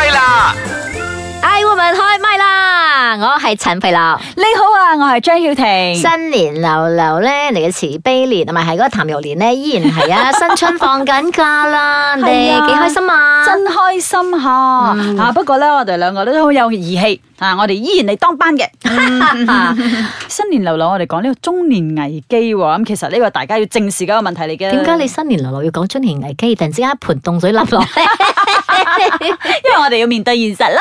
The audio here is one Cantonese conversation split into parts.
開啦！Iwoman 開唛啦！我係陳肥樂，你好啊！我係張曉婷。新年流流咧，嚟嘅慈悲年，同埋係嗰個譚玉蓮咧，依然係啊！新春放緊假啦，你幾開心啊？真開心嗬！啊，不過咧，我哋兩個都好有義氣啊！我哋依然嚟當班嘅。新年流流，我哋講呢個中年危機咁，啊，其實呢個大家要正視嘅一個問題嚟嘅。點解你新年流流，流要講中年危機？突然之間一盆凍水淋落。 因為我哋要面對現實啦。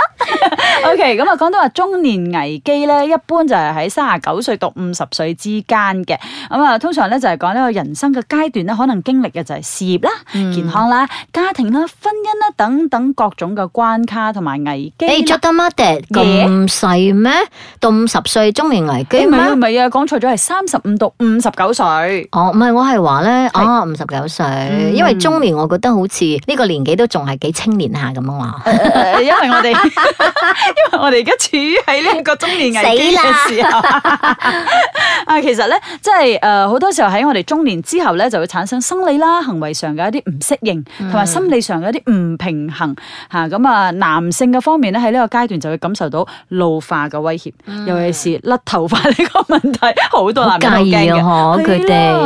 OK，咁啊講到話中年危機咧，一般就係喺三十九歲到五十歲之間嘅。咁啊，通常咧就係講呢個人生嘅階段咧，可能經歷嘅就係事業啦、健康啦、家庭啦、婚姻啦，等等各種嘅關卡同埋危機。你做得乜嘢咁細咩？到五十歲中年危機咩？唔係啊，講錯咗，係三十五到五十九歲。哦，唔係我係話咧，啊五十九歲，因為中年我覺得好似呢個年紀都仲係幾青年下。咁樣話，因為我哋，因為我哋而家處於喺呢個中年危機嘅時候。啊，其實咧，即係誒，好多時候喺我哋中年之後咧，就會產生生理啦、行為上嘅一啲唔適應，同埋心理上嘅一啲唔平衡。吓，咁啊，男性嘅方面咧喺呢個階段就會感受到老化嘅威脅，尤其是甩頭髮呢個問題，好多男人都驚嘅。好介意。嗬，佢哋。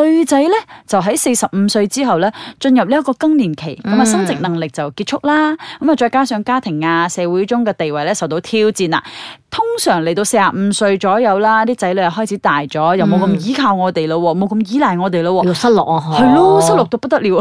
而女仔咧，就喺四十五歲之後咧，進入呢一個更年期，咁啊，生殖能力就結束啦，咁啊，再加上家庭啊，社會中嘅地位咧受到挑戰啦。通常嚟到四十五歲左右啦，啲仔女又開始大咗，嗯、又冇咁依靠我哋咯，冇咁依賴我哋咯，又失落啊，係咯，失落到不得了。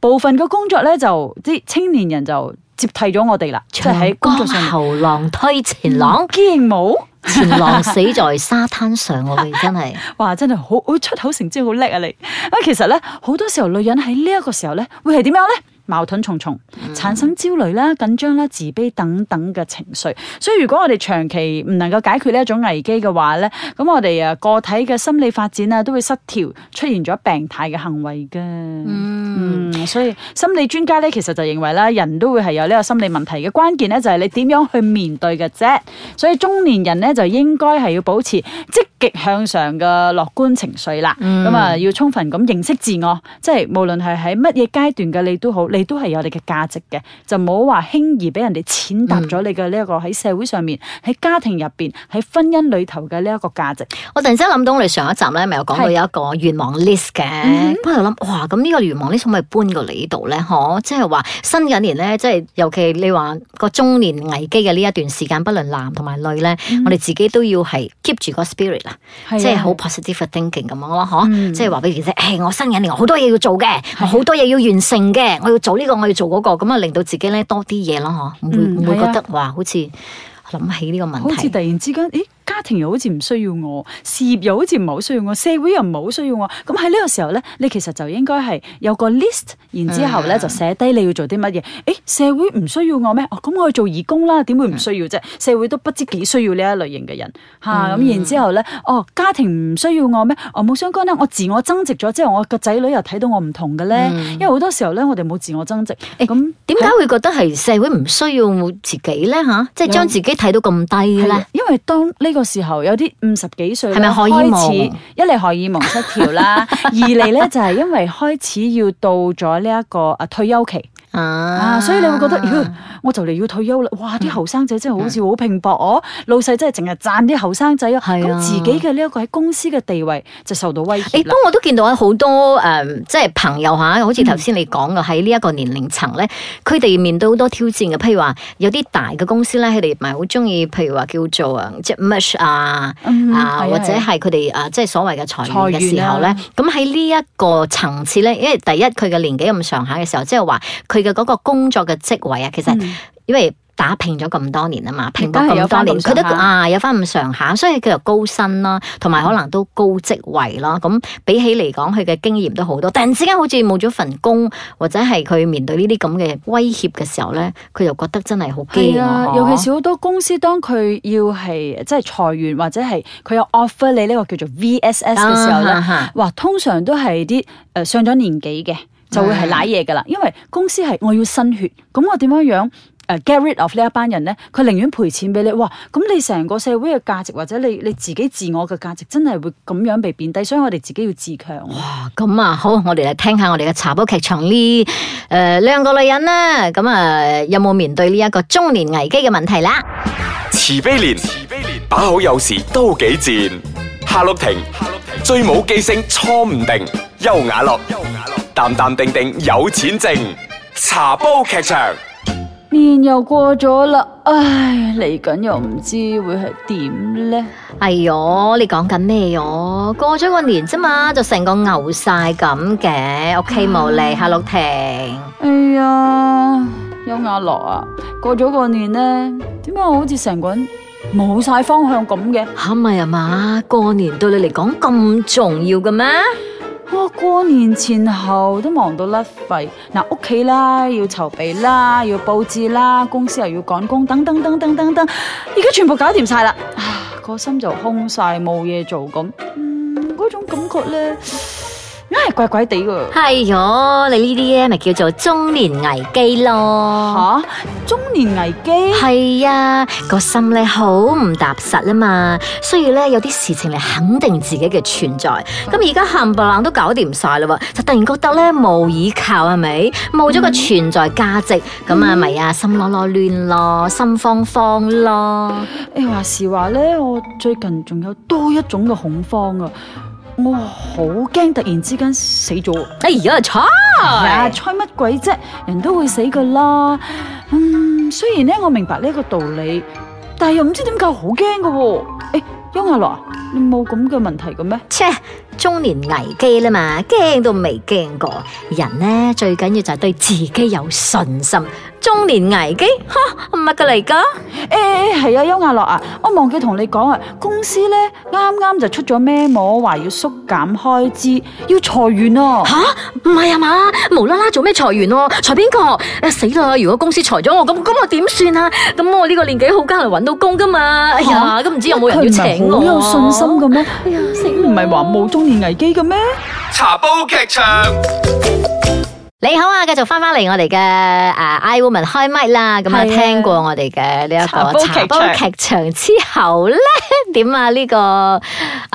部分嘅工作咧就即係青年人就接替咗我哋啦，江即係工作上後浪推前浪，驚冇舞前浪死在沙灘上我哋 真係是， 哇，真係好，好出口成章，好叻啊你。啊，其實咧，好多時候女人喺呢一個時候咧，會係點樣咧？矛盾重重，產生焦慮啦、緊張啦、自卑等等嘅情緒。所以如果我哋長期唔能夠解決呢一種危機嘅話咧，咁我哋啊個體嘅心理發展啊都會失調，出現咗病態嘅行為嘅。嗯，嗯，所以心理專家咧其實就認為咧，人都會係有呢個心理問題嘅，關鍵咧就係你點樣去面對嘅啫。所以中年人咧就應該係要保持即。向上嘅樂觀情緒啦，咁啊、嗯、要充分咁認識自我，即係無論係喺乜嘢階段嘅你都好，你都係有你嘅價值嘅，就唔好話輕易俾人哋踐踏咗你嘅呢一個喺社會上、嗯、面、喺家庭入邊、喺婚姻裏頭嘅呢一個價值。我突然之間諗到我哋上一集咧，咪有講到有一個願望 list 嘅，喺度諗哇，咁呢個願望 list 咪搬過嚟呢度咧？嗬，即係話新緊年咧，即係尤其你話個中年危機嘅呢一段時間，不論男同埋女咧，嗯、我哋自己都要係 keep 住個 spirit 啦。即係好 positive thinking 咁樣咯，嗬，即係話俾自己，誒，我新一年好多嘢要做嘅，我好多嘢要完成嘅，我要做呢個，我要做嗰個，咁啊，令到自己咧多啲嘢咯，嗬，唔會唔會覺得話好似諗起呢個問題，好似突然之間，誒，家庭又好似唔需要我，事業又好似唔係好需要我，社會又唔係好需要我，咁喺呢個時候咧，你其實就應該係有個 list。然之後咧就寫低你要做啲乜嘢？誒社會唔需要我咩？哦，咁我去做義工啦，點會唔需要啫？社會都不知幾需要呢一類型嘅人嚇咁。然之後咧，哦，家庭唔需要我咩？我冇相干咧，我自我增值咗之後，我個仔女又睇到我唔同嘅咧。因為好多時候咧，我哋冇自我增值。誒，咁點解會覺得係社會唔需要自己咧嚇？即係將自己睇到咁低咧？因為當呢個時候有啲五十幾歲係咪可以開始，一嚟荷爾蒙失調啦，二嚟咧就係因為開始要到咗。呢一個啊退休期。啊！所以你會覺得，我就嚟要退休啦！哇！啲後生仔真係好似好拼搏哦，老細真係淨係讚啲後生仔咯。咁自己嘅呢一個喺公司嘅地位就受到威脅。誒，當我都見到好多誒，即係朋友嚇，好似頭先你講嘅喺呢一個年齡層咧，佢哋面對好多挑戰嘅。譬如話有啲大嘅公司咧，佢哋唔係好鍾意，譬如話叫做啊，即係 match。啊啊，或者係佢哋啊，即係所謂嘅裁員嘅時候咧。咁喺呢一個層次咧，因為第一佢嘅年紀咁上下嘅時候，即係話佢。嘅嗰個工作嘅職位啊，其實因為打拼咗咁多年啊嘛，拼搏咁多年，佢都啊有翻咁上下，所以佢又高薪啦，同埋，嗯、可能都高職位啦。咁比起嚟講，佢嘅經驗都好多。突然之間好似冇咗份工，或者係佢面對呢啲咁嘅威脅嘅時候咧，佢又覺得真係好驚啊！尤其是好多公司，當佢要係即係裁員，或者係佢有 offer 你呢個叫做 VSS 嘅時候咧，哇、啊啊啊，通常都係啲誒上咗年紀嘅。就會係賴嘢噶啦因為公司係我要新血，咁我點樣樣誒 get rid of 呢一班人咧？佢寧願賠錢俾你，哇！咁你成個社會嘅價值，或者你你自己自我嘅價值，真係會咁樣被貶低，所以我哋自己要自強。哇！咁啊好，我哋嚟聽下我哋嘅茶煲劇場呢誒兩個女人啦，咁啊有冇面對呢一個中年危機嘅問題啦？慈悲蓮，慈悲蓮，把口有時都幾賤；夏綠庭，追舞姬星初唔定；優雅樂。淡淡定定有錢剩，茶煲劇場。年又過咗啦，唉，嚟緊又唔知會係點咧？哎喲，你講緊咩喲？過咗個年啫嘛，就成個牛晒咁嘅，屋企冇力，夏落平。哎呀，邱亞樂啊，過咗個年咧，點解好似成個人冇晒方向咁嘅？吓咪啊嘛，過年對你嚟講咁重要嘅咩？哇，過年前後都忙到甩肺，嗱，屋企啦要籌備啦，要布置啦，公司又要趕工，等等等等等等，而家全部搞掂晒啦，啊個心就空晒，冇嘢做咁，嗯嗰種感覺咧。因為怪怪地噶，係喲、哎，你呢啲咧咪叫做中年危機咯？吓、啊，中年危機係啊，個心咧好唔踏實啊嘛，需要咧有啲事情嚟肯定自己嘅存在。咁而家冚唪唥都搞掂晒啦，就突然覺得咧無依靠係咪？冇咗個存在價值，咁、嗯、啊咪啊、嗯、心攞攞亂咯，心慌慌咯。誒話時話咧，我最近仲有多一種嘅恐慌啊！我好驚突然之間死咗，哎而家就猜，哎、呀，猜乜鬼啫？人都會死噶啦。嗯，雖然咧我明白呢一個道理，但係又唔知點解好驚噶喎。哎、欸，邱亞樂，你冇咁嘅問題嘅咩？切，中年危機啦嘛，驚都未驚過。人咧最緊要就係對自己有信心。中年危機，吓乜噶嚟噶？誒係、欸、啊，邱亞樂啊，我忘記同你講啊，公司咧啱啱就出咗 memo 話要縮減開支，要裁員咯、啊。吓，唔係啊嘛，無啦啦做咩裁員咯？裁邊個？誒、啊、死啦！如果公司裁咗我，咁咁我點算啊？咁我呢個年紀好艱難揾到工噶嘛？哎呀，都唔知有冇人要請我。佢唔係好有信心嘅咩？哎呀，死唔係話冇中年危機嘅咩？茶煲劇場。你好啊，繼續翻翻嚟我哋嘅誒，I Woman 開唛啦。咁啊，聽過我哋嘅呢一個茶煲劇場，場之後咧，點 啊？呢、這個、啊、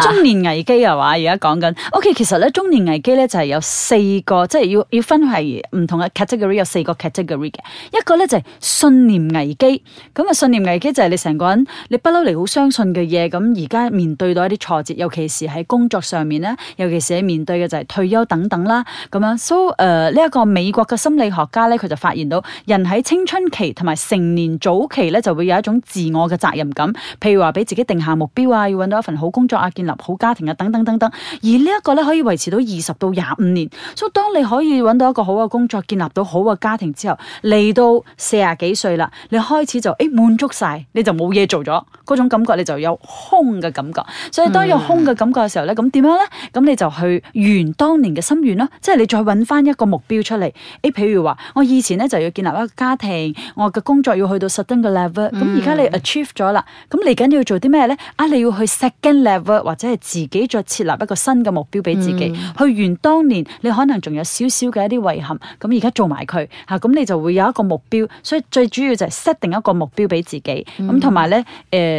中年危機啊？嘛？而家講緊。OK，其實咧中年危機咧就係有四個，即係要要分係唔同嘅 category 有四個 category 嘅。一個咧就係、是、信念危機。咁啊，信念危機就係你成個人你不嬲嚟好相信嘅嘢，咁而家面對到一啲挫折，尤其是喺工作上面咧，尤其是喺面對嘅就係退休等等啦。咁樣，so 誒呢一個。呃呃呃美國嘅心理學家咧，佢就發現到人喺青春期同埋成年早期咧，就會有一種自我嘅責任感，譬如話俾自己定下目標啊，要搵到一份好工作啊，建立好家庭啊，等等等等。而呢一個咧可以維持到二十到廿五年。所以當你可以搵到一個好嘅工作，建立到好嘅家庭之後，嚟到四十幾歲啦，你開始就誒滿、哎、足晒，你就冇嘢做咗，嗰種感覺你就有空嘅感覺。所以當有空嘅感覺嘅時候咧，咁點、嗯、樣咧？咁你就去圓當年嘅心願囉，即係你再搵返一個目標。出嚟，誒，譬如話我以前咧就要建立一個家庭，我嘅工作要去到特定嘅 level，咁而家你 achieve 咗啦，咁嚟緊要做啲咩咧？啊，你要去 second level 或者係自己再設立一個新嘅目標俾自己，嗯、去完當年你可能仲有少少嘅一啲遺憾，咁而家做埋佢，吓，咁你就會有一個目標，所以最主要就係 set 定一個目標俾自己，咁同埋咧，誒、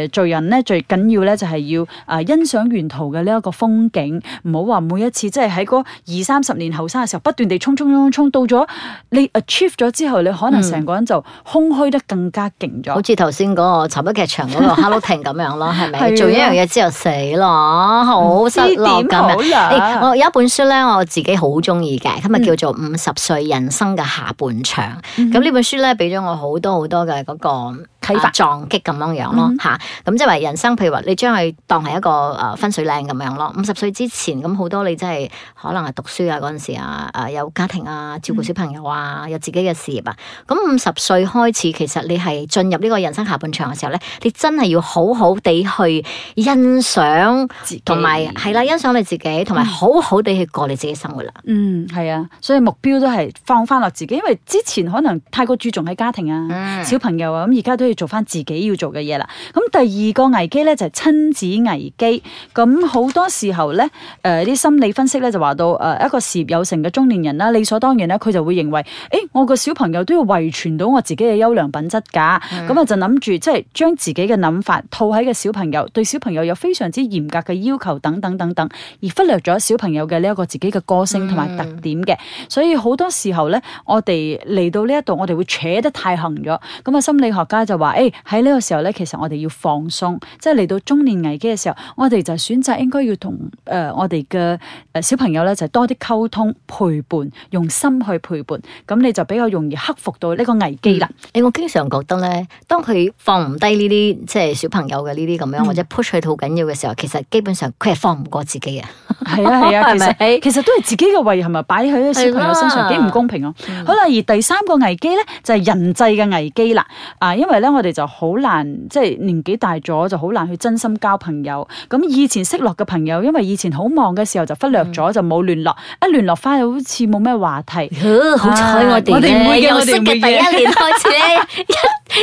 呃，做人咧最緊要咧就係要誒欣賞沿途嘅呢一個風景，唔好話每一次即係喺嗰二三十年後生嘅時候，不斷地衝衝衝。衝到咗，你 achieve 咗之後，你可能成個人就空虛得更加勁咗、嗯。好似頭先講我尋北劇場嗰個哈嘍亭咁樣咯，係咪？ 啊、做一樣嘢之後死咯，好失落咁樣、啊欸。我有一本書咧，我自己好中意嘅，今日叫做《五十歲人生嘅下半場》。咁呢、嗯、本書咧，俾咗我好多好多嘅嗰、嗰個。啟發、啊、撞擊咁樣樣咯吓，咁即係話人生，譬如話你將佢當係一個誒分水嶺咁樣咯。五十歲之前咁好多，你真係可能係讀書啊嗰陣時啊，誒有家庭啊，照顧小朋友啊，嗯、有自己嘅事業啊。咁五十歲開始，其實你係進入呢個人生下半場嘅時候咧，你真係要好好地去欣賞自己，同埋係啦，欣賞你自己，同埋好好地去過你自己生活啦、啊。嗯，係啊，所以目標都係放翻落自己，因為之前可能太過注重喺家庭啊、嗯、小朋友啊，咁而家都。做翻自己要做嘅嘢啦。咁第二個危機咧就係、是、親子危機。咁好多時候咧，誒、呃、啲心理分析咧就話到，誒、呃、一個事業有成嘅中年人啦，理所當然咧佢就會認為，誒我個小朋友都要遺傳到我自己嘅優良品質噶。咁啊、mm. 就諗住即係將自己嘅諗法套喺個小朋友，對小朋友有非常之嚴格嘅要求等等等等，而忽略咗小朋友嘅呢一個自己嘅個性同埋特點嘅。Mm. 所以好多時候咧，我哋嚟到呢一度，我哋會扯得太橫咗。咁啊，心理學家就。話誒，喺呢、欸、個時候咧，其實我哋要放鬆，即係嚟到中年危機嘅時候，我哋就選擇應該要同誒、呃、我哋嘅誒小朋友咧，就是、多啲溝通、陪伴，用心去陪伴，咁你就比較容易克服到呢個危機啦。誒、嗯欸，我經常覺得咧，當佢放唔低呢啲即係小朋友嘅呢啲咁樣，或者 push 佢好緊要嘅時候，嗯、其實基本上佢係放唔過自己 啊。係啊係啊，其實都係自己嘅位，係咪擺喺小朋友身上幾唔公平囉。啊嗯、好啦，而第三個危機咧就係、是、人際嘅危機啦。啊，因為咧。我哋就好難，即係年紀大咗就好難去真心交朋友。咁以前識落嘅朋友，因為以前好忙嘅時候就忽略咗，就冇聯絡。一聯絡翻，又好似冇咩話題。好彩我哋唔會認識嘅第一年開始咧。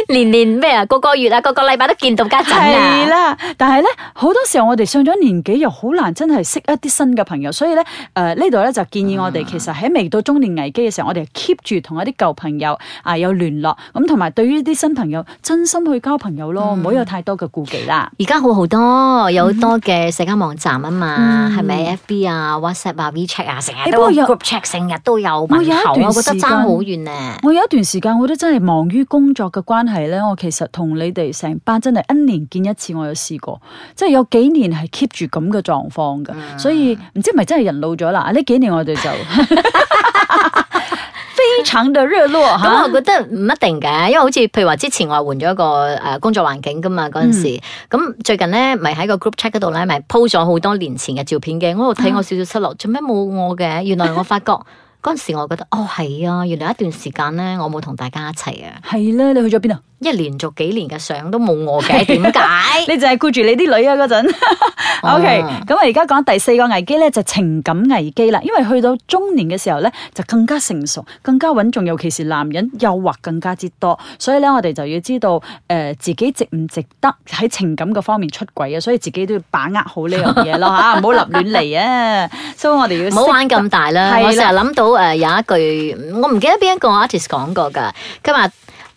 年年咩啊？個個月啊，個個禮拜都見到家陣係啦，但係咧，好多時候我哋上咗年紀又好難真係識一啲新嘅朋友，所以咧，誒、呃、呢度咧就建議我哋，其實喺未到中年危機嘅時候，我哋 keep 住同一啲舊朋友啊有聯絡，咁同埋對於啲新朋友，真心去交朋友咯，唔好、嗯、有太多嘅顧忌啦。而家好好多，有好多嘅社交網站啊嘛，係咪、嗯、？F B 啊，WhatsApp 啊，WeChat 啊，成日、啊、都有我覺得爭好遠啊！有我有一段時間我、啊、我，我都真係忙於工作嘅關。 關係咧，我其實同你哋成班真係一年見一次，我有試過，即係有幾年係 keep 住咁嘅狀況嘅，嗯、所以唔知咪真係人老咗啦？呢幾年我哋就 非常的熱絡吓。咁、嗯嗯、我覺得唔一定嘅，因為好似譬如話之前我換咗一個誒工作環境噶嘛，嗰陣時咁、嗯嗯、最近咧咪喺個 group chat 嗰度咧咪 po 咗好多年前嘅照片嘅，我度睇我少，少少失落，做咩冇我嘅？原來我發覺。 嗰陣時，我覺得哦，係啊，原來一段時間咧，我冇同大家一齊啊，係咧，你去咗邊啊？一連續幾年嘅相都冇我嘅，點解？ 你就係顧住你啲女啊嗰陣。OK，咁啊，而家講第四個危機咧就是、情感危機啦。因為去到中年嘅時候咧，就更加成熟，更加穩重，尤其是男人誘惑更加之多，所以咧我哋就要知道誒、呃、自己值唔值得喺情感嘅方面出軌啊。所以自己都要把握好呢樣嘢咯吓，唔好立亂嚟啊。所以、啊 So, 我哋要唔好玩咁大啦。的我成日諗到誒有一句我唔記得邊一個 artist 講過噶，今日。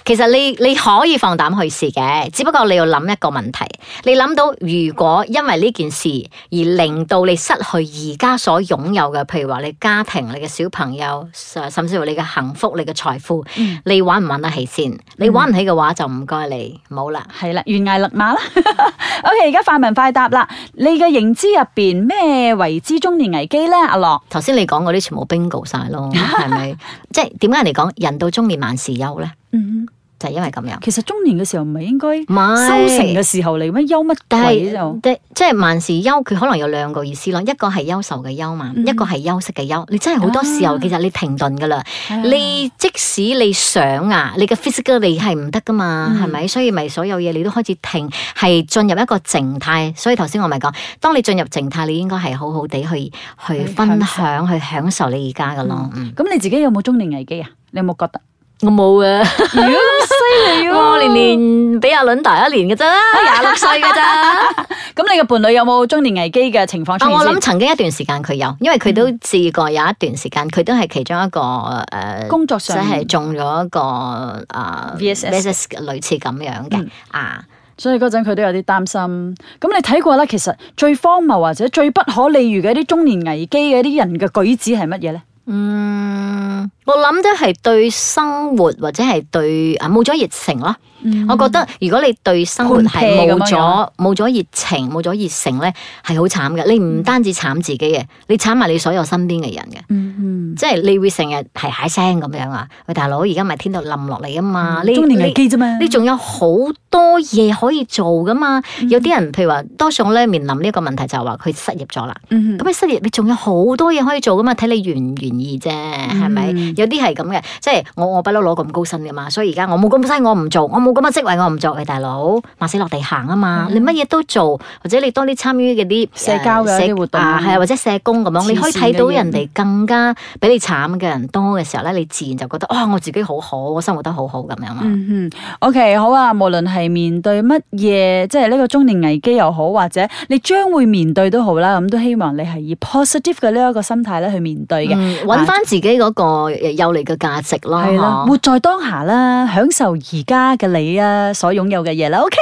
其實你你可以放膽去試嘅，只不過你要諗一個問題，你諗到如果因為呢件事而令到你失去而家所擁有嘅，譬如話你家庭、你嘅小朋友，甚至乎你嘅幸福、你嘅財富、嗯你玩玩，你玩唔玩得起先、嗯 okay？你玩唔起嘅話就唔該你冇啦。係啦，懸崖勒馬啦。OK，而家快問快答啦。你嘅認知入邊咩為之中年危機咧？阿、啊、樂，頭先你講嗰啲全部 bingo 晒咯，係咪？即係點解人哋講人到中年萬事休咧？就係因為咁樣。其實中年嘅時候唔係應該收成嘅時候嚟咩？休乜鬼就？即係萬事休，佢可能有兩個意思咯。一個係憂愁嘅休嘛，一個係休息嘅休。你真係好多時候其實你停頓噶啦。你即使你想啊，你嘅 physical 你係唔得噶嘛，係咪？所以咪所有嘢，你都開始停，係進入一個靜態。所以頭先我咪講，當你進入靜態，你應該係好好地去去分享去享受你而家噶咯。咁你自己有冇中年危機啊？你有冇覺得？我冇啊，咁犀利喎！年年比阿倫大一年嘅啫，廿六歲嘅咋？咁 你嘅伴侶有冇中年危機嘅情況出現？啊、我諗曾經一段時間佢有，因為佢都試過有一段時間，佢都係其中一個誒、呃、工作上即係中咗一個啊、呃、V SS S S 類似咁樣嘅啊，呃、所以嗰陣佢都有啲擔心。咁你睇過啦，其實最荒謬或者最不可理喻嘅一啲中年危機嘅一啲人嘅舉止係乜嘢咧？嗯，我諗都係對生活或者係對啊冇咗熱情咯。嗯、我覺得如果你對生活係冇咗冇咗熱情冇咗熱誠咧，係好慘嘅。你唔單止慘自己嘅，你慘埋你所有身邊嘅人嘅。嗯。即係你會成日係嗌聲咁樣啊！喂大，大佬，而家咪天度冧落嚟啊嘛！嗯、你中年危機啫嘛！你仲有好多嘢可以做噶嘛？嗯、有啲人譬如話，多數咧面臨呢一個問題就係話佢失業咗啦。嗯哼。咁你失業你仲有好多嘢可以做噶嘛？睇你願唔願意啫，係咪？嗯、有啲係咁嘅，即係我我不嬲攞咁高薪噶嘛，所以而家我冇咁犀利，我唔做；我冇咁嘅職位我，嗯、我唔做。喂大，大佬，馬死落地行啊嘛！嗯、你乜嘢都做，或者你多啲參與嗰啲、呃、社交嘅活動，係啊，或者社工咁樣，你可以睇到人哋更加。俾你慘嘅人多嘅時候咧，你自然就覺得，哇、哦，我自己好好，我生活得好好咁樣啊。嗯 OK，好啊。無論係面對乜嘢，即係呢個中年危機又好，或者你將會面對都好啦，咁都希望你係以 positive 嘅呢一個心態咧去面對嘅，揾翻、嗯、自己嗰個有利嘅價值啦，係啦、啊，活、啊、在當下啦，享受而家嘅你啊所擁有嘅嘢啦。OK。